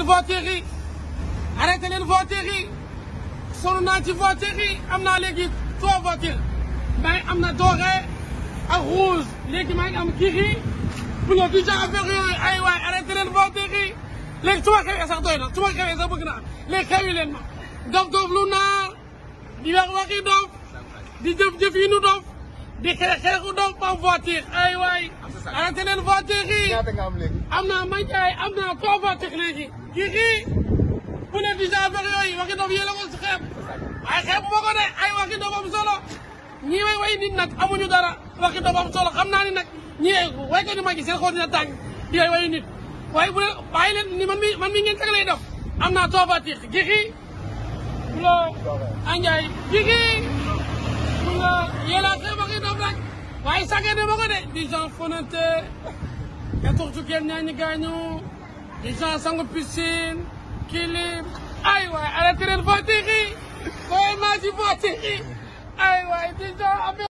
leen voitures yi arrêté leen voitures yi sonn naa am naa léegi trois voitures maa ngi am na doré ak rouge léegi maa ngi am kii bulo du genre affaire ay waay arrêté leen voitures yi léegi su ma xewee sax doy na su ma xewee sax bëgg naa léegi xewi leen ma dof dof lu naa di wax waxi di jëf jëf yi nu dof di xeex xeexu dof ma voiture ay waay arrêté leen am naa man jaay am naa trois bu ne di gendarme yooyu waxi dof yéen la ko si xeeb waaye xeeb boo ko de ay waxi dof am solo ñii way way dara waxi dof xam naa nag ñii way ko ñu magi seen xool way nit waaye leen ni man am na trois voiture gi xii bu anjaay gi xii bu la yéen laa waaye sàggane ma ko de di Jean Fonante ñaata tukkeen ñaa ñi gaañu di Jean sangu piscine kilim ay waay arrêté leen voitures yi booy maa ci voitures yi ay waay